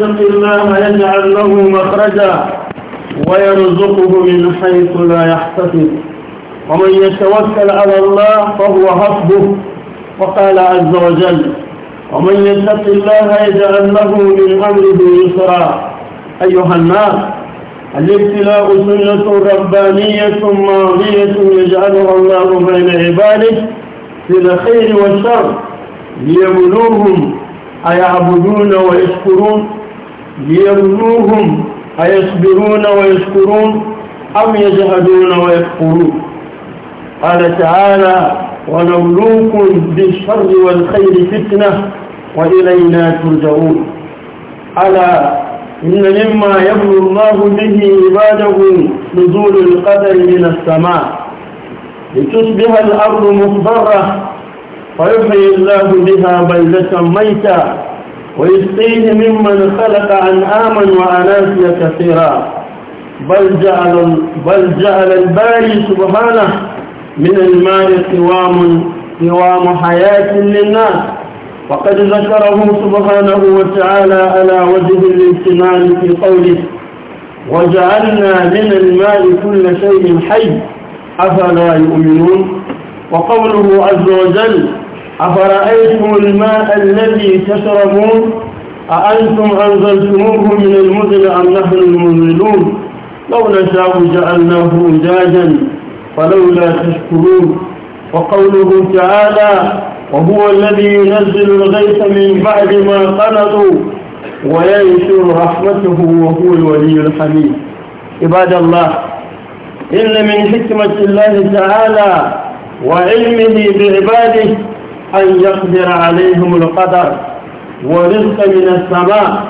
يتق الله يجعل له مخرجا ويرزقه من حيث لا يحتسب ومن يتوكل على الله فهو حسبه وقال عز وجل ومن يتق الله يجعل له من امره يسرا ايها الناس الابتلاء سنه ربانيه ماضيه يجعلها الله بين عباده في الخير والشر ليبلوهم ايعبدون ويشكرون ليبلوهم أيصبرون ويشكرون أم يجهدون ويكفرون قال تعالى ونبلوكم بالشر والخير فتنة وإلينا ترجعون ألا إن مما يبلو الله به عباده نزول القدر من السماء لتصبح الأرض مخضرة ويحيي الله بها بلدة ميتة ويسقيه ممن خلق آمن وأناسيا كثيرا بل جعل, بل جعل الباري سبحانه من الماء قوام, قوام حياة للناس وقد ذكره سبحانه وتعالى على وجه الامتنان في قوله وجعلنا من الماء كل شيء حي أفلا يؤمنون وقوله عز وجل أفرأيتم الماء الذي تشربون أأنتم أنزلتموه من المزل أم نحن المنزلون لو نشاء جعلناه أجاجا فلولا تشكرون وقوله تعالى وهو الذي ينزل الغيث من بعد ما قنطوا وينشر رحمته وهو الولي الحميد عباد الله إن من حكمة الله تعالى وعلمه بعباده أن يقدر عليهم القدر ورزق من السماء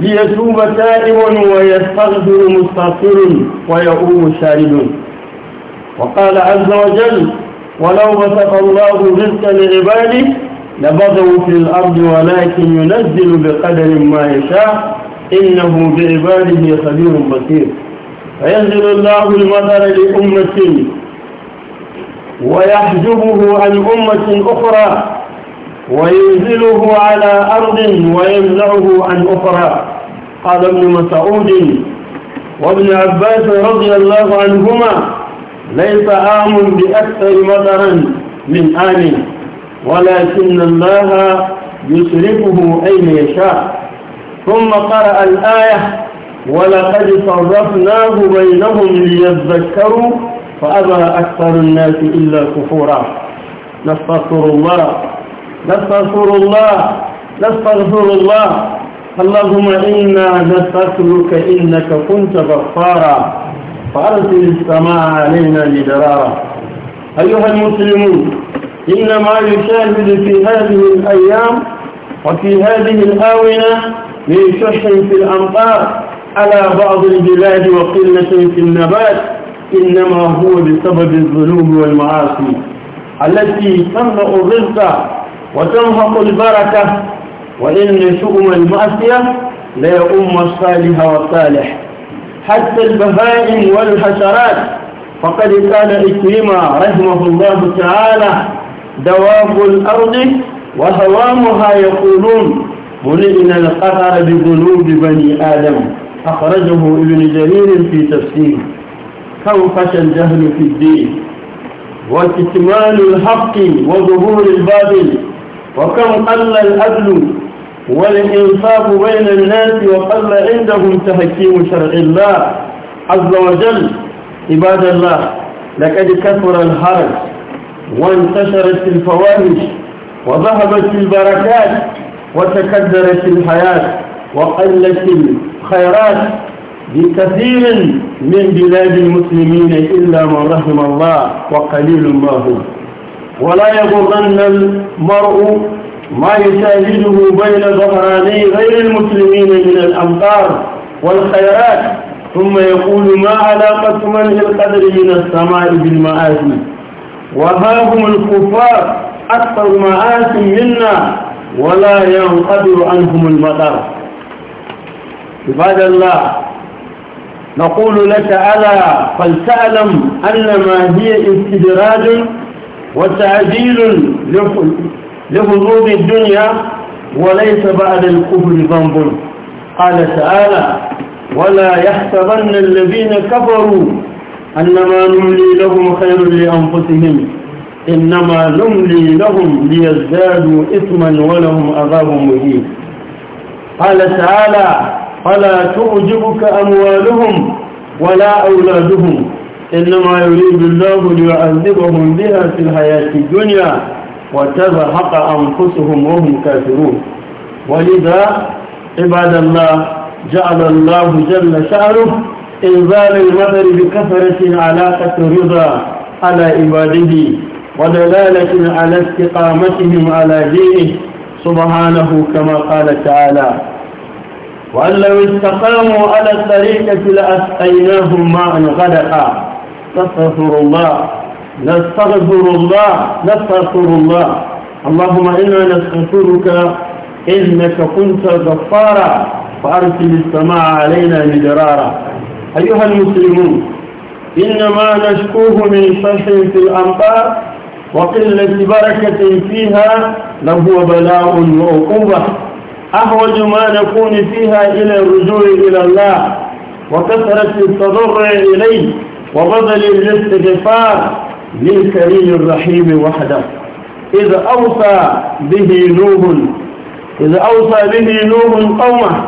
ليتوب تائب ويستغفر مستغفر ويؤوم شارد وقال عز وجل ولو بسط الله رزقا لعباده لبغوا في الأرض ولكن ينزل بقدر ما يشاء إنه بعباده خبير بصير فينزل الله المطر لأمة ويحجبه عن أمة أخرى وينزله على أرض ويمنعه عن أخرى قال ابن مسعود وابن عباس رضي الله عنهما ليس عام بأكثر مطرا من عام ولكن الله يصرفه أين يشاء ثم قرأ الآية ولقد صرفناه بينهم ليذكروا فأبى أكثر الناس إلا كفورا نستغفر الله نستغفر الله نستغفر الله اللهم إنا نستغفرك إنك كنت غفارا فأرسل السماء علينا مدرارا أيها المسلمون إن ما يشاهد في هذه الأيام وفي هذه الآونة من شح في الأمطار على بعض البلاد وقلة في النبات إنما هو بسبب الظلوم والمعاصي التي تنبأ الرزق وتنهق البركة وإن شؤم المعصية لا يؤم الصالح والصالح حتى البهائم والحشرات فقد قال إكرمة رحمه الله تعالى دواب الأرض وهوامها يقولون ملئنا القهر بذنوب بني آدم أخرجه ابن جرير في تفسيره فانفش الجهل في الدين واستكمال الحق وظهور الباطل وكم قل العدل والإنصاف بين الناس وقل عندهم تحكيم شرع الله عز وجل عباد الله لقد كثر الحرج وانتشرت الفواحش وذهبت البركات وتكدرت الحياة وقلت الخيرات بكثير من بلاد المسلمين إلا من رحم الله وقليل ما هو ولا يغرن المرء ما يشاهده بين ظهراني غير المسلمين من الأمطار والخيرات ثم يقول ما علاقة منع القدر من السماء بالمآسي وها هم الكفار أكثر مآسي منا ولا ينقدر عنهم المطر عباد الله نقول لك ألا فلتعلم أن ما هي استدراج وتعديل لفضوض الدنيا وليس بعد الكفر ذنب قال تعالى ولا يحسبن الذين كفروا أنما نملي لهم خير لأنفسهم إنما نملي لهم ليزدادوا إثما ولهم عذاب مهين قال تعالى فلا تعجبك أموالهم ولا أولادهم إنما يريد الله ليعذبهم بها في الحياة الدنيا وتزهق أنفسهم وهم كافرون ولذا عباد الله جعل الله جل شأنه إنزال المطر بكثرة علاقة رضا على عباده ودلالة على استقامتهم على دينه سبحانه كما قال تعالى وأن لو استقاموا على الطريقة لأسقيناهم ماء غدقا نستغفر الله نستغفر الله نستغفر الله اللهم إنا نستغفرك إنك كنت غفارا فأرسل السماء علينا مدرارا أيها المسلمون إنما نشكوه من شرح في الأمطار وقلة بركة فيها لهو بلاء وعقوبة أحوج ما نكون فيها إلى الرجوع إلى الله وكثرة التضرع إليه وبدل الاستغفار للكريم الرحيم وحده إذ أوصى به نوح إذ أوصى به نوح قومه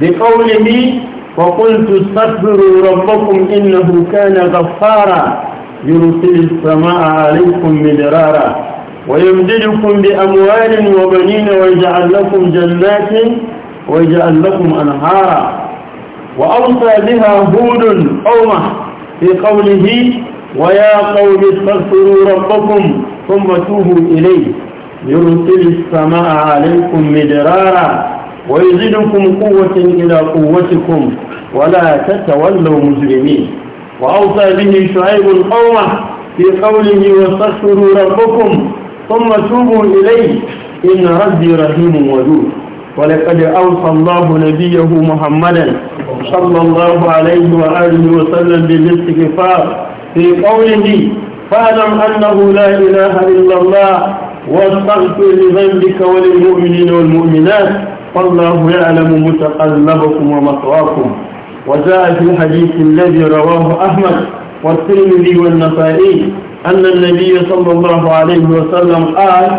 بقوله وقلت استغفروا ربكم إنه كان غفارا يرسل السماء عليكم مدرارا ويمددكم بأموال وبنين ويجعل لكم جنات ويجعل لكم أنهارا وأوصى بها هود قومه في قوله ويا قوم استغفروا ربكم ثم توبوا إليه يرسل السماء عليكم مدرارا ويزيدكم قوة إلى قوتكم ولا تتولوا مجرمين وأوصى به شعيب قومه في قوله واستغفروا ربكم ثم توبوا إليه إن ربي رحيم ودود ولقد أوصى الله نبيه محمدا صلى الله عليه وآله وسلم بالاستغفار في قوله فاعلم أنه لا إله إلا الله واستغفر لذنبك وللمؤمنين والمؤمنات فالله يعلم متقلبكم ومثواكم وجاء في الحديث الذي رواه أحمد والترمذي والنسائي أن النبي صلى الله عليه وسلم قال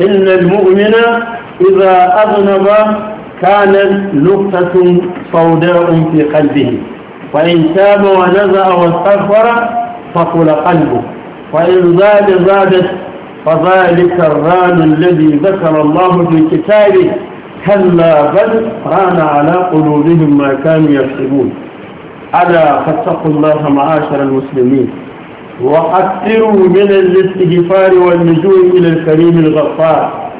إن المؤمن إذا أذنب كانت نقطة صوداء في قلبه وإن تاب ونزع واستغفر فقل قلبه وإن زاد زادت فذلك الران الذي ذكر الله في كتابه كلا بل ران على قلوبهم ما كانوا يكسبون ألا فاتقوا الله معاشر المسلمين وحذروا من الاستغفار واللجوء إلى الكريم الغفار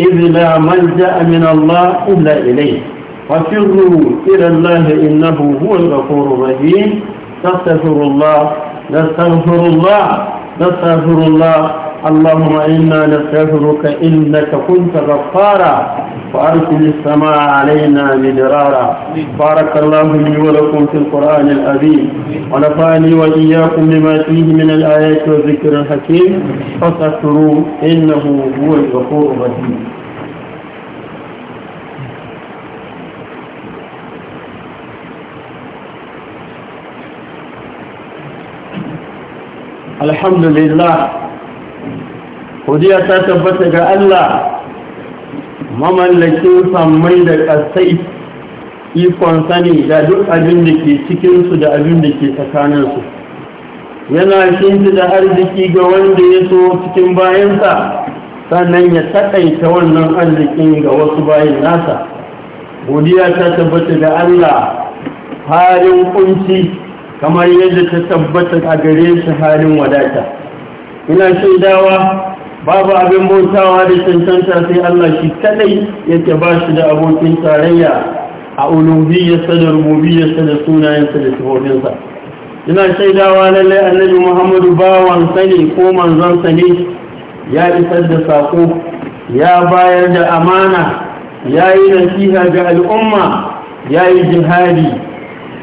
إذ لا ملجأ من الله إلا إليه ففروا إلى الله إنه هو الغفور الرحيم نستغفر الله نستغفر الله نستغفر الله اللهم إنا نستغفرك إنك كنت غفارا وأرسل السماء علينا مدرارا بارك الله لي ولكم في القرآن العظيم ونفعني وإياكم بما فيه من الآيات والذكر الحكيم فاستغفروا إنه هو الغفور الرحيم الحمد لله hudiya ta tabbata ga Allah mamallakin sammai da ƙasai ikon sani da duk abin da ke cikinsu da abin da ke tsakaninsu yana shinti da arziki ga wanda ya so cikin bayansa sannan ya taƙaita wannan arzikin ga wasu bayan nasa godiya ta tabbata ga Allah harin kunci kamar yadda ta tabbata a gare shi harin wadata ina shaidawa babu abin bautawa da cancanta sai Allah shi kadai yake ba shi da abokin tarayya a ulubiyyarsa da rububiyyarsa da sunayensa da sifofinsa ina shaidawa lallai annabi muhammadu bawan sani ko manzon ne ya isar da sako ya bayar da amana ya yi nasiha ga al'umma ya yi jihadi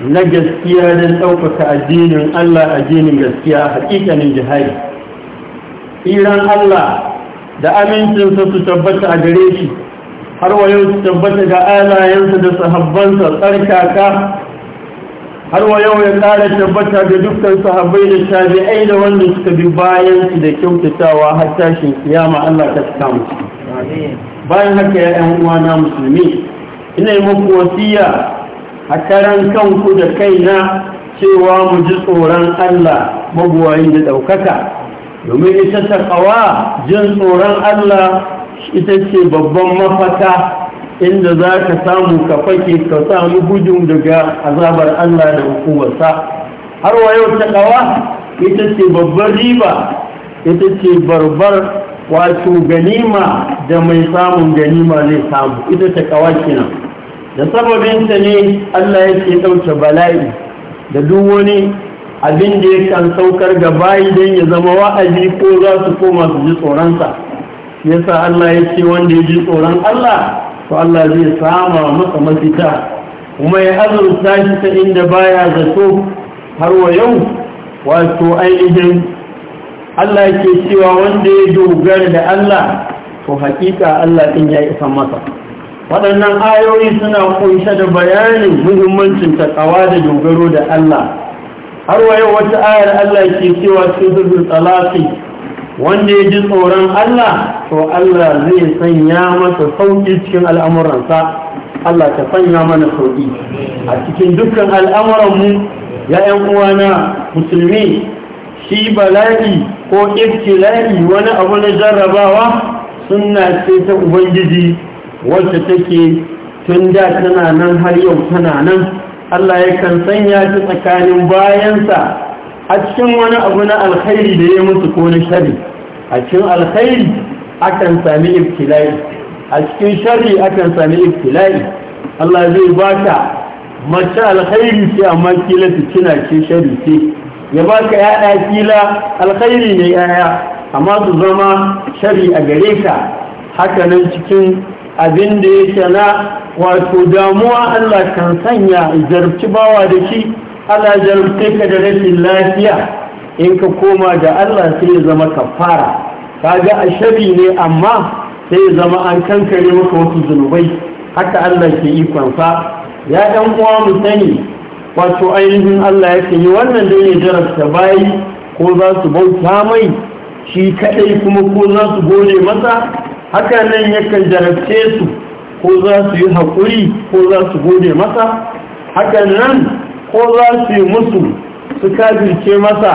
na gaskiya don ɗaukaka addinin allah addinin gaskiya hakikanin jihadi tsiran Allah da amincinsa su tabbata a gare shi har wa yau su tabbata ga alayensa da sahabbansa tsarkaka har wa yau ya ƙara tabbata ga dukkan sahabbai da tabi'ai da wanda suka bi bayan su da kyautatawa har tashin kiyama Allah ta saka mu bayan haka ya ƴan uwa na musulmi ina yi muku wasiya a karan kanku da kaina cewa mu ji tsoron Allah mabuwayin da ɗaukaka domin ita ta ƙawa, jin tsoron Allah ita ce babban mafaka inda za ka samu ka fake ka samu gudun daga azabar Allah da hukumarsa har wa yau ta kawa ita ce babban riba ita ce barbar wato ganima da mai samun ganima zai samu ita ta kawa nan da sababinta ne allah ya ce ɗauke bala'i da duk wani abin da yakan saukar gaba idan ya zama wa'azi ko za su koma su ji tsoronsa yasa Allah ya ce wanda ya ji tsoron Allah to Allah zai sama masa mafita kuma ya azurta shi ta inda baya zato har wa yau wato ainihin Allah ke cewa wanda ya dogara da Allah to hakika Allah din ya isa masa waɗannan ayoyi suna kunshe da bayanin muhimmancin takawa da dogaro da Allah har wayo wata ayar Allah ke cewa sirrul talaqi wanda ya ji tsoron Allah to Allah zai sanya masa sauƙi cikin al'amuransa Allah ta sanya mana sauƙi. a cikin dukkan al'amuranmu ya ƴan uwana musulmi shi bala'i ko ibtila'i wani abu na jarrabawa sunna ce ta ubangiji wacce take tun da tana nan har yau tana nan Allah yakan sanya shi tsakanin bayansa a cikin wani abu na alkhairi da ya mutu ko na shari a cikin alkhairi akan sami ibtila'i a cikin shari akan sami ibtila'i Allah zai baka mace alkhairi ce amma kila fitina ce shari ce ya baka yaya kila alkhairi ne yaya amma su zama shari a gare ka haka nan cikin abin da ya na wato damuwa Allah kan sanya jarabci bawa da shi Allah jarabce ka da rashin lafiya in ka koma da Allah sai ya zama kafara kaga a shari ne amma sai ya zama an kankare maka wasu zunubai haka Allah ke ikonsa ya ɗan uwa mu sani wato ainihin Allah yake yi wannan da ne jarabta bayi ko za su bauta mai shi kaɗai kuma ko za su gode masa haka nan yakan jarabce su ko za su yi haƙuri ko za su gode masa hakanan ko za su yi musu su kafirce masa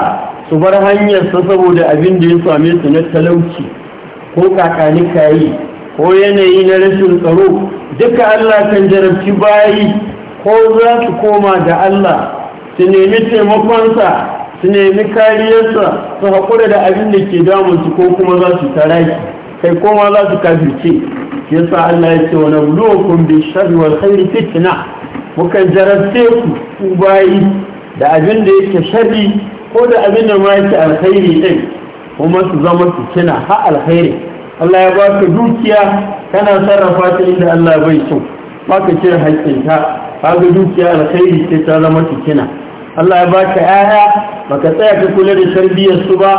su bar hanyar hanyarsa saboda abin da ya same su na talauci ko kakani kayi ko yanayi na rashin tsaro duka Allah kan jarabci bayi ko za su koma da Allah su nemi taimakonsa su nemi kariyarsa su haƙura da abin da ke damunsu ko kuma za su taraki kai koma za su kafirce yasa Allah ya ce wa nabluukum bi sharri wal khairi fitna muka jarabce ku ku bayi da abin da yake shari ko da abin da ma yake alkhairi din kuma su zama su kina ha alkhairi Allah ya baka dukiya kana sarrafa ta inda Allah bai so ka cire haƙƙinta kaga dukiya alkhairi ce ta zama su kina Allah ya baka 'ya'ya baka tsaya ka kula da tarbiyyar su ba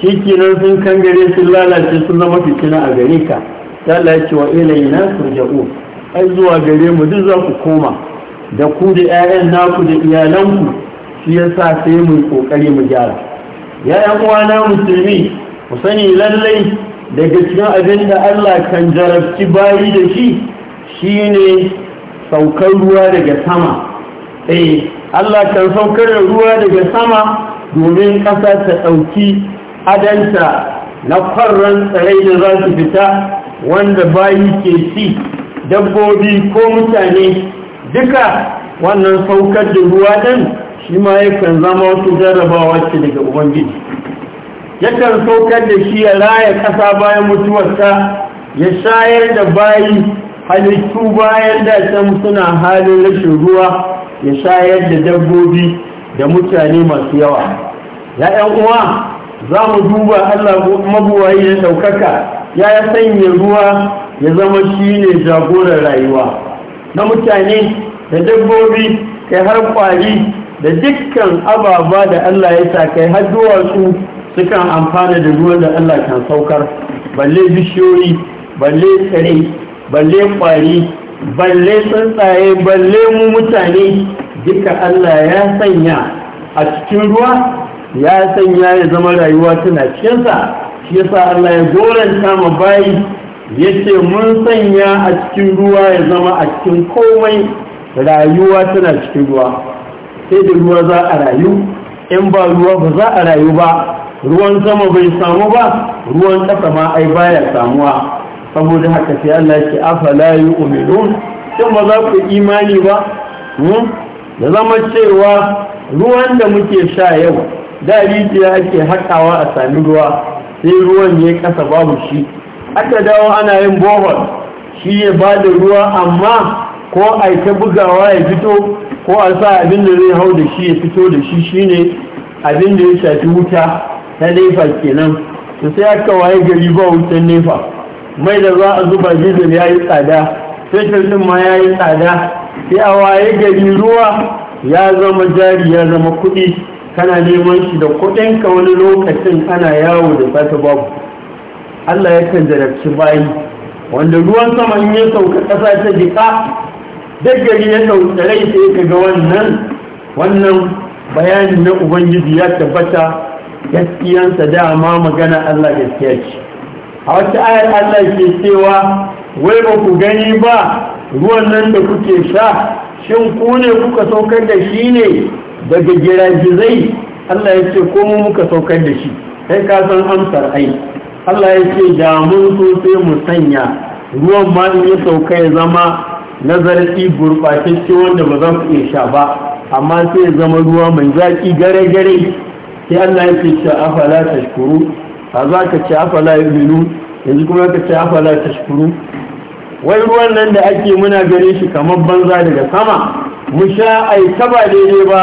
shi nan sun kangare sun lalace sun zama fitina a gare ka Ta lalace wa wa na surja'u ai zuwa gare mu duk za ku koma da ku da 'ya'yan naku da iyalanku shi ya sa sai mu kokari mu gyara ya yan uwana musulmi mu sani lallai daga cikin abin da Allah kan jarabci bayi da shi shine saukar ruwa daga sama eh, Allah kan saukar da ruwa daga sama domin ƙasa ta ɗauki adanta na farran tsare da za su fita wanda bayi ke ci dabbobi ko mutane duka wannan saukar da ruwa ɗin shi ma yakan zama wasu jarrabawa ce daga ubangiji yakan saukar da shi ya raya ƙasa bayan mutuwarsa ya shayar da bayi halittu bayan da can suna halin rashin ruwa ya shayar da dabbobi da mutane masu yawa ya'yan uwa za mu duba Allah mabuwayi ya ɗaukaka ya sanya ruwa ya zama shi ne jagorar rayuwa na mutane da dabbobi kai har kwari da dukkan ababa da Allah ya sa kai har duwatsu sukan amfana da ruwan da Allah kan saukar balle bishiyoyi balle tsare balle kwari balle tsuntsaye balle mu mutane duka Allah ya sanya a cikin ruwa ya sanya ya zama rayuwa tana cikinsa shi yasa Allah ya goranta ma bayi ce mun sanya a cikin ruwa ya zama a cikin komai rayuwa tana cikin ruwa sai da ruwa za a rayu in ba ruwa ba za a rayu ba ruwan sama bai samu ba ruwan ƙasa ma ai baya samuwa saboda haka sai Allah ya ce afala yu'minun shin ba za ku imani ba da hmm? zama cewa ruwan da muke sha yau da rijiya ake haɗawa a sami ruwa sai ruwan ya kasa babu shi aka dawo ana yin bohol shi ya ba da ruwa amma ko a yi ta bugawa ya fito ko a sa abin da zai hau da shi ya fito da shi shine abin da ya shafi wuta ta nefa kenan su sai aka waye gari ba wutan nefa mai da za a zuba dizal ya yi tsada fetur din ma ya yi tsada sai a waye gari ruwa ya zama jari ya zama kuɗi kana neman shi da ka wani lokacin ana yawo da sata babu Allah ya kan jarabci bayi wanda ruwan sama in ya sauka ƙasa ta jika daggari ya sauka rai sai ka ga wannan wannan bayani na ubangiji ya tabbata gaskiyansa dama magana Allah gaskiya ce a wata ayar Allah ke cewa wai ba ku gani ba ruwan nan da kuke sha shin ku ne kuka saukar da shi ne daga giragizai Allah ya ce ko mu muka saukar da shi Sai ka san amsar ai Allah ya ce da mun so sai mu sanya ruwan ma ya sauka ya zama nazarci gurɓatacce wanda ba za ku iya sha ba amma sai ya zama ruwa mai zaƙi gare gare sai Allah ya ce ce afala tashkuru a za ka ce afala yu'minu yanzu kuma ka ce afala tashkuru wai ruwan nan da ake muna gare shi kamar banza daga sama mu sha aika ba daidai ba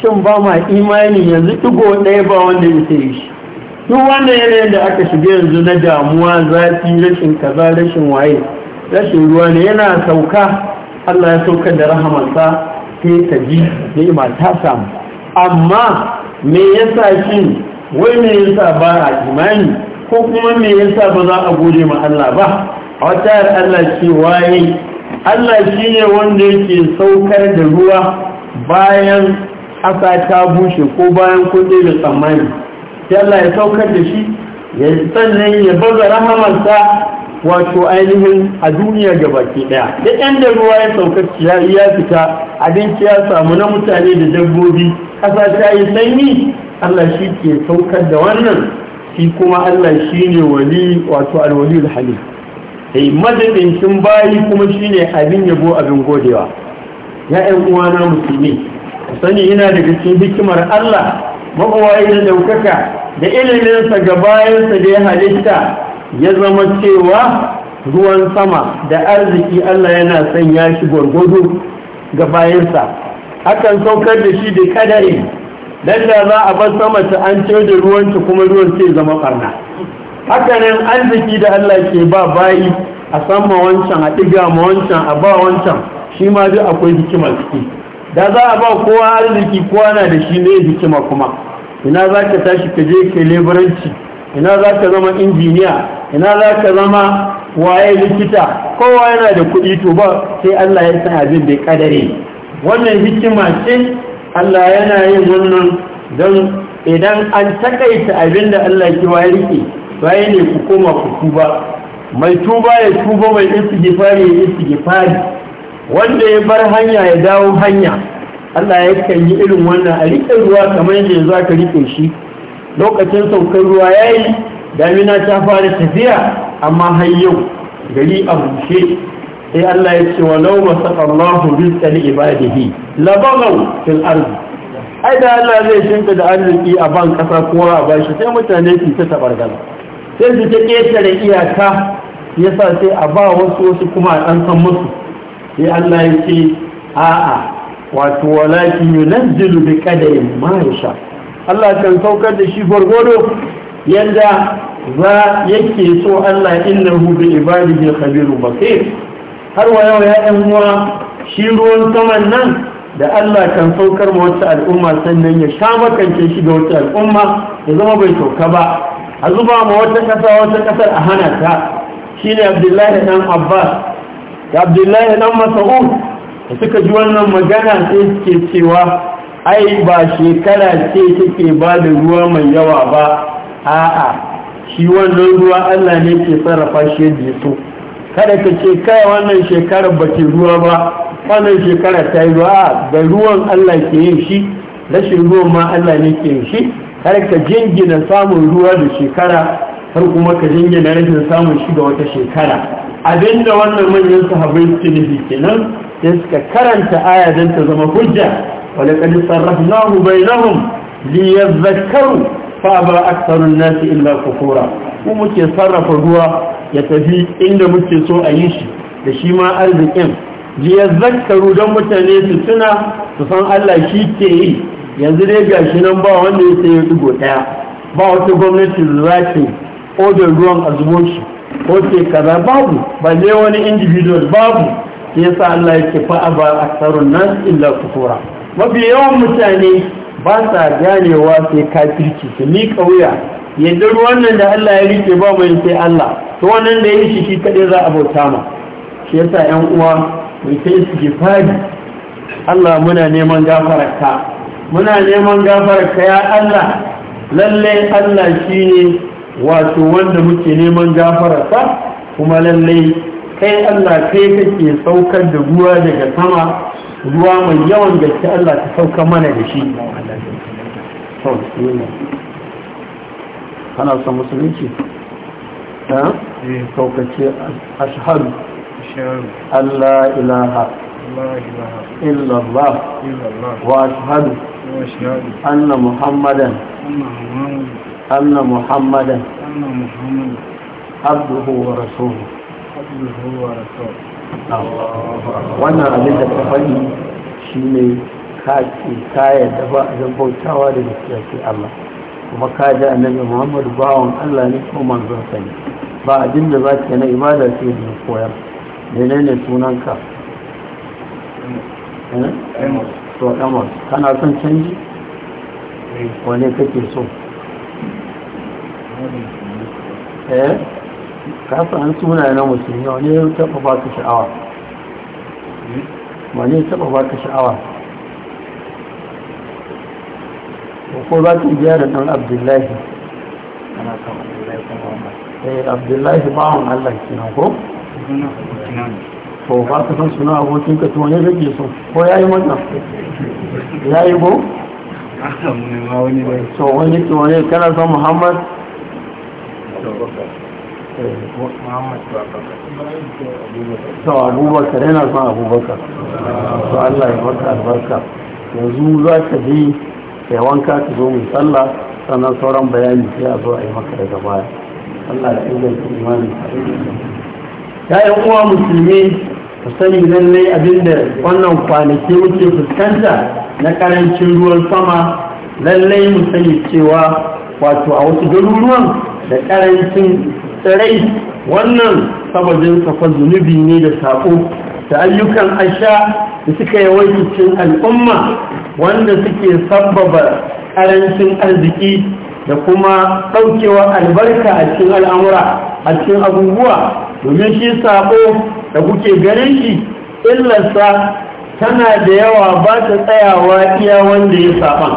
shin ba ma imani yanzu ɗigo ɗaya ba wanda ya sai shi duk wannan yanayin da aka shiga yanzu na damuwa zafi rashin kaza rashin waye rashin ruwa ne yana sauka Allah ya sauka da rahamansa sai ka ji ima ta samu amma me yasa shi wai me yasa ba a imani ko kuma me yasa ba za a gode ma Allah ba a wata Allah ce waye Allah shi ne wanda yake saukar da ruwa bayan ƙasa ta bushe ko bayan kuɗe da tsammani sai Allah ya saukar da shi ya sannan ya baza rahamarsa wato ainihin a duniya ga baki ɗaya da ɗan da ruwa ya saukar ciyayi ya fita abinci ya samu na mutane da dabbobi ƙasa ta yi sanyi Allah shi ke saukar da wannan shi kuma Allah shi ne wali wato alwali da halittu. sai majibincin bayi kuma shine abin yabo abin godewa ya ƴan uwana musulmi sani yana daga cikin hikimar Allah mabawayi da daukaka da iliminsa ga bayansa da ya halitta ya zama cewa ruwan sama da arziki Allah yana sanya shi gwargwado ga bayansa akan saukar da shi da kadari dan da za a bar sama ta an ce da ruwan ta kuma ruwan sai zama karna hakanan arziki da Allah ke ba bayi a sama wancan a ɗiga ma wancan a ba wancan shi ma duk akwai hikima ciki da za a ba kowa arziki kowa na da shi ne hikima kuma ina za ka tashi ka je ka leburanci ina za ka zama injiniya ina za ka zama waye likita kowa yana da kuɗi to ba sai Allah ya san abin da ya kadare wannan hikima ce Allah yana yin wannan don idan an takaita abin da Allah ke wa rike baya ne ku koma ku tuba mai tuba ya tuba mai istighfari ya istighfari wanda ya bar hanya ya dawo hanya Allah ya kan yi irin wannan a riƙe ruwa kamar yadda yanzu aka riƙe shi lokacin saukar ruwa ya yi damina ta fara tafiya amma har yau gari a bushe sai Allah ya ce walau masaqallahu rizqan ibadihi labaghaw fil ardi ai da Allah zai shinka da arziki a ban kasa kowa a bashi sai mutane su ta tabargala sai su ta ƙetare iyaka ya sa sai a ba wasu wasu kuma a ɗan san musu sai Allah ya ce a'a wato walakin yunazzilu bi qadarin ƙadarin Allah kan saukar da shi gwargwado yadda za yake so Allah ibadi bi ibadihi khabirun basir har wa yau ya ɗan uwa shi ruwan saman nan da Allah kan saukar ma wata al'umma sannan ya sha makance shi ga wata al'umma ya zama bai sauka ba a zuba ma wata kasa wata kasar a hana ta shi ne abdullahi ɗan abbas da abdullahi ɗan masa'ud da suka ji wannan magana sai suke cewa ai ba shekara ce take ba da ruwa mai yawa ba a'a shi wannan ruwa allah ne ke sarrafa shi yadda ya so kada ka ce kai wannan shekarar ba ke ruwa ba wannan shekara ta yi ruwa da ruwan allah ke yin shi rashin ruwan ma allah ne ke yin shi Kar ka jingina samun ruwa da shekara har kuma ka jingina rashin samun shi ga wata shekara abinda wannan manyan sahabbai suke nufi kenan sai suka karanta aya don ta zama hujja wala qad sarrafnahu bainahum liyadhakkaru fa ba aktharun nasi illa kufura mu muke sarrafa ruwa ya tafi inda muke so a yi shi da shi ma arzikin liyadhakkaru don mutane su tuna su san Allah shi ke yi yanzu dai ga shi nan ba wanda ya sayi dugo daya ba wata gwamnati da za ta ruwan a zubo ko ce kaza babu ne wani individual babu sai sa Allah ya ce fa aba aktharun nas illa kufura mafi yawan mutane ba sa ganewa sai kafirci su ni kauya yadda ruwan nan da Allah ya rike ba mai sai Allah to wannan da ya shi shi kaɗai za a bauta ma shi sa 'yan uwa mai kai su Allah muna neman gafararka muna neman gafararka ya Allah lallai Allah shi ne wato wanda muke neman gafararsa kuma lallai kai Allah kai kake saukar da ruwa daga sama ruwa mai yawan gaske Allah ta sauka mana da shi ana son musulunci ta saukace eh. ashharu Allah ilaha إلا الله وأشهد أن محمدا أن محمدا عبده ورسوله wannan abin da ka faɗi shi ne kaki kayan da ba a bautawa da gaskiya ce Allah kuma ka ji annabi Muhammadu bawan Allah ne ko manzon sa ne ba abin da za ka na ibada ce da koyar menene sunanka Eh? to kana son canji wane kake so eh kasa an suna na musulmi wane ya taɓa sha'awa sha'awa ko za ka biya da ɗan abdullahi ana kan abdullahi eh, ba wani allah ko? ko ba ka san suna abokin ka tuwane rage su ko ya yi wannan ya yi go? to wani ne kana son muhammad? to abubakar yana son abubakar to allah ya baka albarka yanzu za ka ji kai wanka ka zo mai sallah sannan sauran bayani sai a zo a yi maka daga baya allah ya inganta imanin ya yi uwa musulmi Ka sani lallai abinda wannan kwanaki muke fuskanta na karancin ruwan sama lallai mu sani cewa wato a wasu garuruwan da karancin tsirai wannan sabajin safa zunubi ne da saƙo da ayyukan asha da suka yawaita cin al'umma wanda suke sabbaba karancin arziki da kuma ɗaukewa albarka a cikin al'amura a cikin abubuwa domin shi saƙo da kuke ganin shi illarsa tana da yawa ba ta tsayawa iya wanda ya saban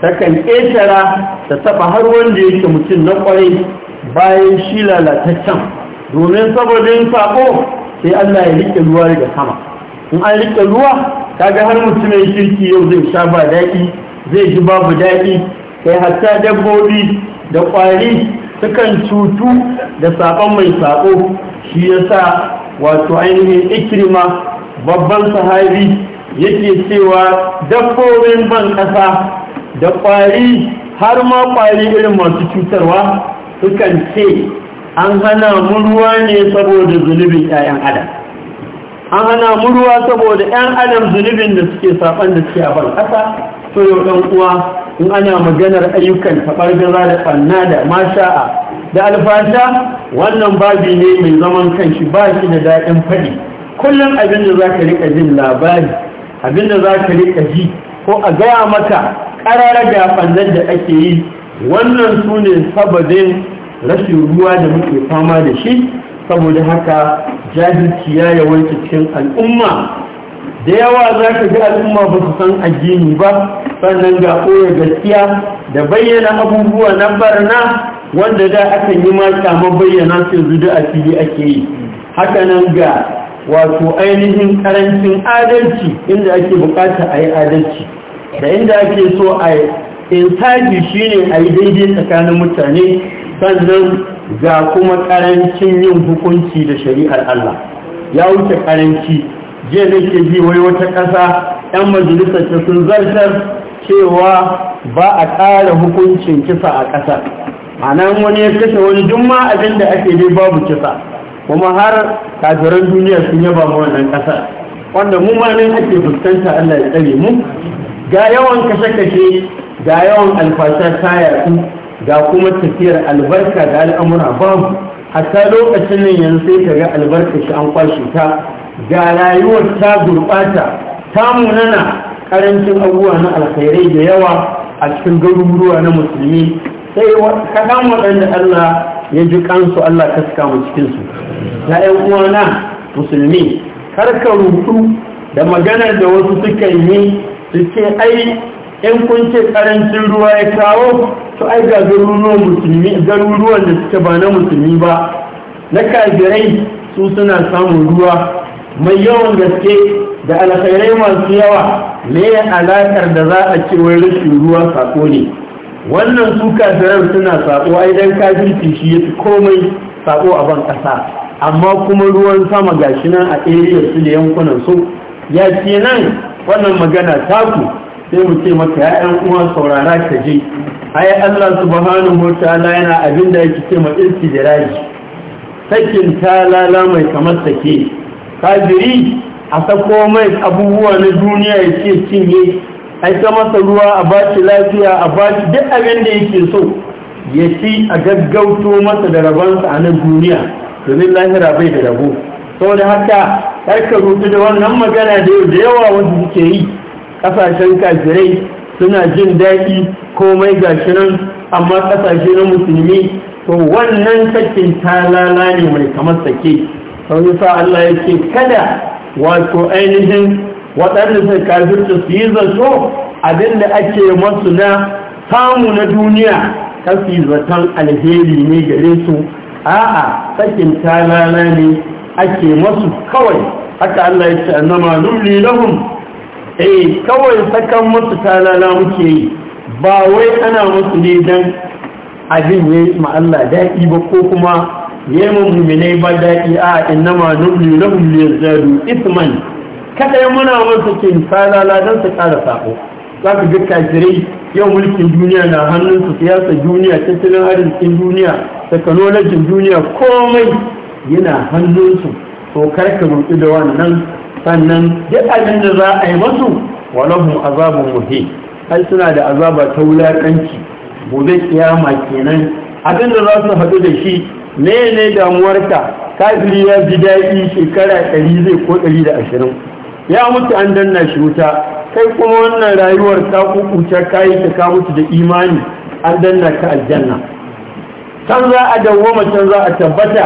takan ƙetara ta taɓa har wanda ya ke mutum na ƙwarai bayan shi lalataccen domin saboda yin saƙo sai Allah ya riƙe ruwa daga sama in an riƙe ruwa ga har mutum mutumin kirki yau zai sha ba daɗi zai ji babu daɗi kai hatta dabbobi da ƙwari sukan cutu da saƙon mai saƙo shi ya sa. wato ainihin ikirma babban sahabi yake cewa dabbobin ban ƙasa da ƙwari har ma ƙwari irin masu cutarwa sukan ce an hana ruwa ne saboda zunubin 'ya'yan adam an hana ruwa saboda 'yan adam zunubin da suke saban da suke a ban ƙasa to yau ɗan uwa in ana maganar ayyukan taɓar gaza da ɓanna da masha'a da alfata, wannan babi ne mai zaman kanshi ba shi da daɗin faɗi kullum abin da za ka riƙa jin labari abin da za ka riƙa ji ko a gaya maka ƙarara gafannan da ake yi wannan su ne sababin rashin ruwa da muke fama da shi saboda haka jahilci ya wanke cikin al'umma da yawa za ka ga al'umma ba su san addini ba sannan ga ɓoye gaskiya da bayyana abubuwa na barna wanda da aka yi mata mabayyana su yanzu da a fili ake yi haka nan ga wato ainihin ƙarancin adalci inda ake bukata a yi adalci da inda ake so a yi, insaji shine a yi daidai tsakanin mutane sannan ga kuma ƙarancin yin hukunci da shari'ar Allah ya wuce karanci jiya ke ji wai wata ƙasa 'yan majalisar ta sun zartar cewa ba a ƙara hukuncin kisa a ƙasa a nan wani ya kashe wani juma abin da ake dai babu kisa kuma har kafiran duniya sun yaba ma wannan kasa wanda mu ma nan ake fuskanta Allah ya tsare mu ga yawan kashe-kashe ga yawan alfashar kaya su ga kuma tafiyar albarka da al'amura babu hatta lokacin nan yanzu sai ka ga albarka shi an kwashe ta ga rayuwar ta gurɓata ta munana ƙarancin abubuwa na alkhairai da yawa a cikin garuruwa na musulmi sai kaɗan waɗanda Allah ya ji kansu Allah ka suka mu cikinsu na ‘yan uwana musulmi kar ka rutu da maganar da wasu suka yi su ce ai in kun ce karancin ruwa ya kawo to ai ga garuruwan musulmi garuruwan da suke ba na musulmi ba na kajirai su suna samun ruwa mai yawan gaske da alkhairai masu yawa me alakar da za a ce wai rashin ruwa sako ne wannan su kafiran suna sako ai dan kafirci shi yafi komai sako a ban kasa amma kuma ruwan sama gashi nan a area su da yankunan su ya ce nan wannan magana taku sai mu ce maka ya'yan uwa saurara ka je ai Allah subhanahu wataala yana abin da yake ce ma irtijiraji sakin talala mai kamar sake kafiri a sako mai abubuwa na duniya yake cinye ai ta masa ruwa a shi lafiya a shi duk abin da yake so ya ci a gaggauto masa da rabansa a nan duniya domin lahira bai da rabo saboda haka karka rutu da wannan magana da yau da yawa wanda suke yi Ƙasashen kafirai suna jin daɗi komai ga shi nan amma kasashe na musulmi to wannan sakin talala ne mai kamar sake sau yasa Allah ya ce kada wato ainihin waɗanda sai kafirta su yi zato abinda ake masu na samu na duniya kafi zaton alheri ne gare su a'a sakin talala ne ake masu kawai haka Allah ya ce annama nulli lahum eh kawai sakan masu talala muke yi ba wai ana masu ne dan abin ya yi Allah daɗi ba ko kuma ya yi mummunai ba daɗi a innama nulli lahum liyar isman kada ya muna masa ke salala don su kara sako za ka ga kafirai yau mulkin duniya na hannunsu siyasa duniya tattalin arzikin duniya takanolajin duniya komai yana hannunsu so karka rutu da wannan sannan duk abin da za a yi masu walahun azabun muhim ai suna da azaba ta wulakanci gobe kiyama kenan abin da za su haɗu da shi ne ne damuwarka kafiri ya ji daɗi shekara ɗari zai ko ɗari da ashirin ya mutu an danna shi wuta kai kuma wannan rayuwar ta kukuta kayi ta ka mutu da imani an danna ka aljanna can za a dawoma can za a tabbata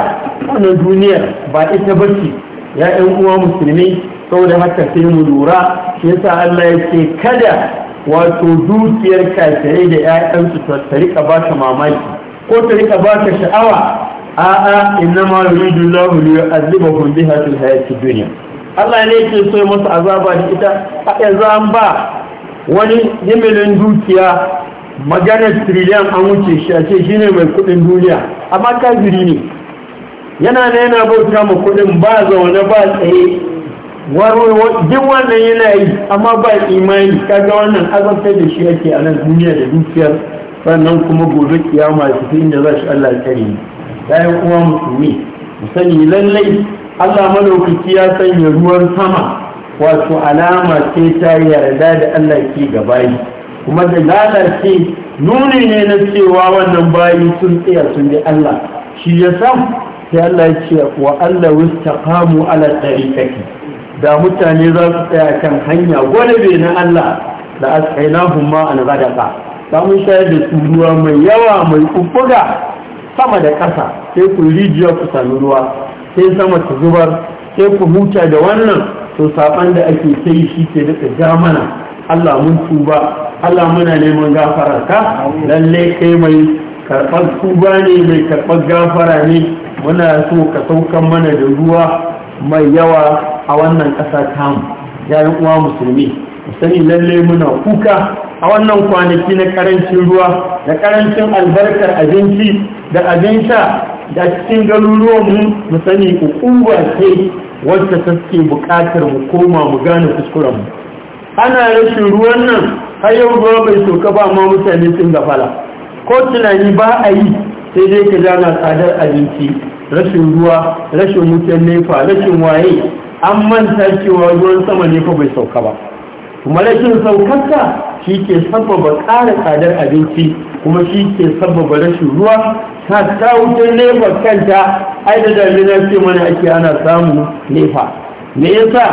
wannan duniyar ba ita bace ya ƴan uwa musulmi saboda haka sai mu lura shi yasa Allah ya ce kada wato dukiyar kafirai da 'ya'yansu ta rika ba ka mamaki ko ta rika ba ka sha'awa a'a inna ma yuridu Allahu li yu'adhibahum biha fil hayati dunya Allah ne ke so masa azaba da ita a yanzu an ba wani yimilin dukiya maganar trillion an wuce shi a ce shi ne mai kudin duniya amma kafiri ne yana na yana bauta ma kudin ba zaune ba tsaye duk wannan yana yi amma ba imani kaga wannan azabta da shi yake a nan duniya da dukiyar sannan kuma gobe kiyama su fi inda za shi Allah kare bayan kuma musulmi mu lallai Allah malaukaki ya sanya ruwan sama wato alama ce ta yarda da Allah ke gabayi kuma da lalace nuni ne na cewa wannan bayi sun tsaya sun bi Allah shi ya san sai Allah ya ce wa Allah wastaqamu ala tariqati da mutane za su tsaya kan hanya gwalabe na Allah da asainahum ma an zadaqa da mun shayar da su ruwa mai yawa mai kuffuga sama da ƙasa sai ku rijiya ku sami ruwa sai sama ta zubar sai ku huta da wannan to saban da ake sai shi ke daga jamana Allah mun tuba Allah muna neman gafara ka lalle kai mai karɓar tuba ne mai karɓar gafara ne muna so ka saukan mana da ruwa mai yawa a wannan ƙasa tamu yayin uwa musulmi sani lalle muna kuka a wannan kwanaki na karancin ruwa da karancin albarkar abinci da abin sha da cikin galuruwanmu mu sani ukuwa ce wacce take bukatar mu koma mu gane kuskurenmu ana rashin ruwan nan har yau ruwa bai soka ba ma mutane sun gafala ko tunani ba a yi sai dai ka jana tsadar abinci rashin ruwa rashin wutan nefa rashin waye an manta cewa ruwan sama ne fa bai sauka ba kuma rashin saukarsa shi ke sabbaba ƙara tsadar abinci kuma shi ke sabbaba rashin ruwa hatta wutar nefa kanta ai da damina ce mana ake ana samun nefa me yasa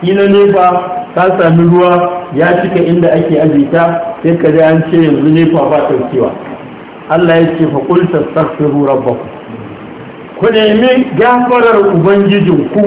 kila nefa ta sami ruwa ya cika inda ake ajiyata sai ka ji an ce yanzu nefa ba ta cewa Allah ya ce fa qul tastaghfiru baku ku nemi gafarar ubangijinku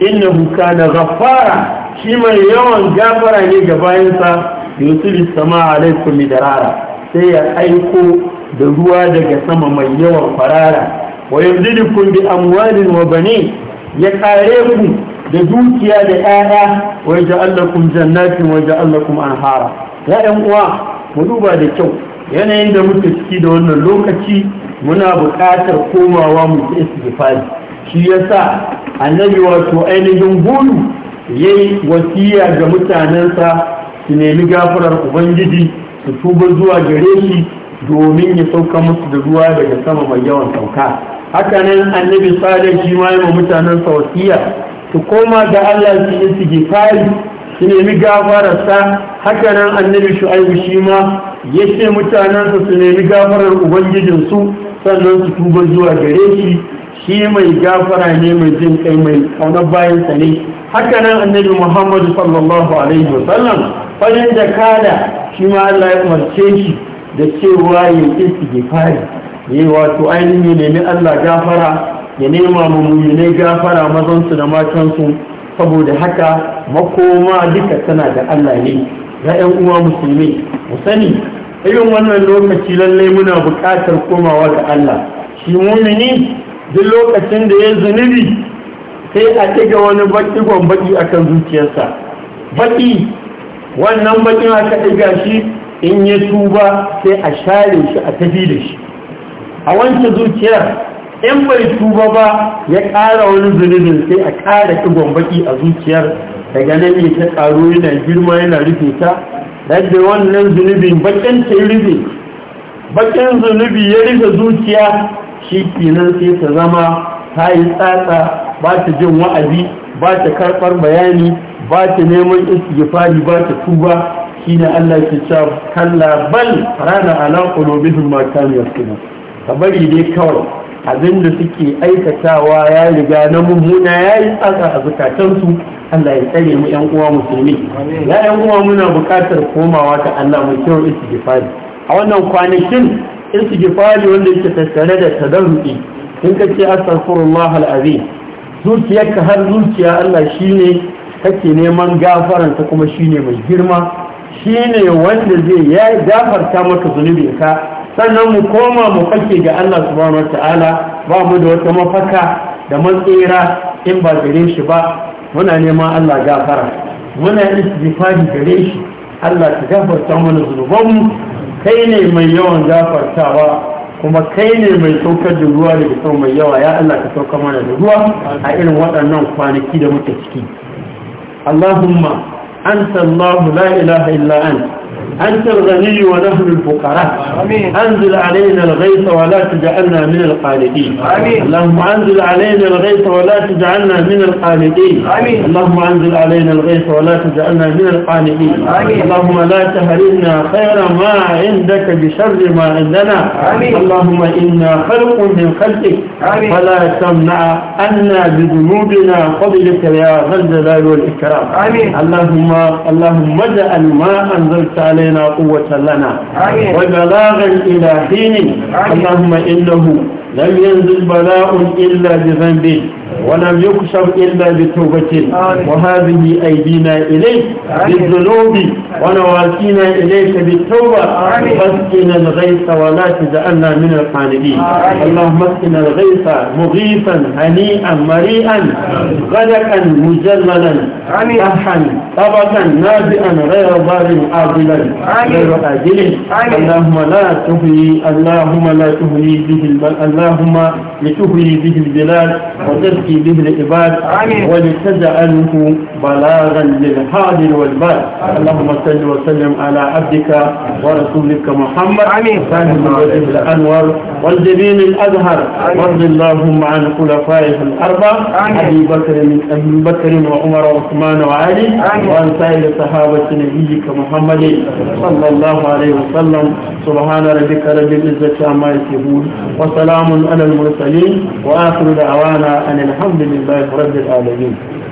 innahu kana ghaffara shi mai yawan gafara ne ga bayansa yusuf sama alaikum midarara sai ya aiko da ruwa daga sama mai yawan farara wa yuzilikum bi amwalin wa bani ya kare ku da dukiya da 'ya'ya wa ja'alakum jannatin wa ja'alakum anhara ya ɗan uwa mu duba da kyau yanayin da muke ciki da wannan lokaci muna buƙatar komawa mu ci istighfari shi yasa annabi wato ainihin gudu yayi wasiya ga mutanensa su nemi gafarar ubangiji su tuba zuwa gare shi domin ya sauka musu da ruwa daga sama mai yawan sauka hakanan annabi salih shi ma wa mutanen sausiya su koma ga Allah su yi sigifari su nemi gafararsa hakanan annabi shu'aibu shi ma ya ce mutanensa su nemi gafarar ubangijinsu sannan su tuba zuwa gare shi shi mai gafara ne mai jin kai mai kaunar sa ne hakanan annabi muhammadu sallallahu alaihi wasallam farin da kada shi ma Allah ya umarce shi da cewa ya istighfari yayi wato ainihin ya nemi Allah gafara ya nema mu mu'minai gafara mazan su da matan su saboda haka makoma duka tana da Allah ne ga ƴan uwa musulmi mu sani irin wannan lokaci lallai muna buƙatar komawa ga Allah shi mumini duk lokacin da ya zunubi sai a ɗiga wani baƙigon baƙi akan zuciyarsa baƙi wannan baƙin aka ɗiga shi in ya tuba sai a share shi a tafi da shi a wance zuciyar in bai tuba ba ya ƙara wani zunubin sai a ƙara ɗigon baƙi a zuciyar daga nan ne ta ƙaro yana girma yana rufe ta da wannan zunubin bakin ta rufe Bakin zunubi ya rufe zuciya shi kenan sai ta zama ta yi tsatsa ba ta jin wa'azi ba ta karɓar bayani ba ta neman istighfari ba ta tuba shine Allah ke cewa kalla bal rana ala qulubihim ma kanu yaskunu bari dai kawai abinda suke aikatawa ya riga na mummuna ya yi tsaka a zukatansu Allah ya tsare mu yan uwa musulmi ya yan uwa muna bukatar komawa ga Allah mu kyau istighfari a wannan kwanakin istighfari wanda yake tattare da tadarruki in ka ce astaghfirullah alazim zuciyarka har zuciya Allah shine kake neman gafaranta kuma shine mai girma Shi ne wanda zai ya gafarta maka zunubi ka sannan mu koma mu kake ga Allah subhanahu wataala ba mu da wata mafaka da matsira in ba gare shi ba muna neman Allah gafara muna istighfari gare shi Allah ta gafarta mana zunubanmu kai ne mai yawan gafartawa kuma kai ne mai saukar da ruwa daga sau mai yawa ya Allah ka sauka mana da ruwa a irin waɗannan kwanaki da muke ciki Allahumma أنت الله لا إله إلا أنت أنت الغني ونحن الفقراء أنزل علينا الغيث ولا تجعلنا من القانتين اللهم أنزل علينا الغيث ولا تجعلنا من القانتين اللهم أنزل علينا الغيث ولا تجعلنا من القانتين اللهم لا تهرمنا خير ما عندك بشر ما عندنا اللهم إنا خلق من خلقك فلا تمنع أنا بذنوبنا قبلك يا ذا الجلال والإكرام اللهم اللهم اجعل ما أنزلت علينا قوة لنا وبلاغا إلى حين اللهم إنه لم ينزل بلاء إلا بذنبه ولم يكشف إلا بتوبة وهذه أيدينا إليك بالذنوب ونواسينا إليك بالتوبة فاسقنا الغيث ولا تجعلنا من القانبين اللهم اسقنا الغيث مغيثا هنيئا مريئا غدقا مجللا صحا طبقا نازئا غير ضار عاضلا غير آجل اللهم لا تهني اللهم لا تهني به اللهم لتهني به البلاد وتسقى يستحي به العباد ولتجعله بلاغا للحال والبال اللهم صل وسلم على عبدك ورسولك محمد امين سالم الوجه الانور والجبين الازهر وارض اللهم عن خلفائه الاربع ابي بكر من ابي بكر وعمر وعثمان وعلي وعن سائر صحابه نبيك محمد صلى الله عليه وسلم سبحان ربك رب العزه عما يصفون وسلام على المرسلين واخر دعوانا ان الحمد لله رب العالمين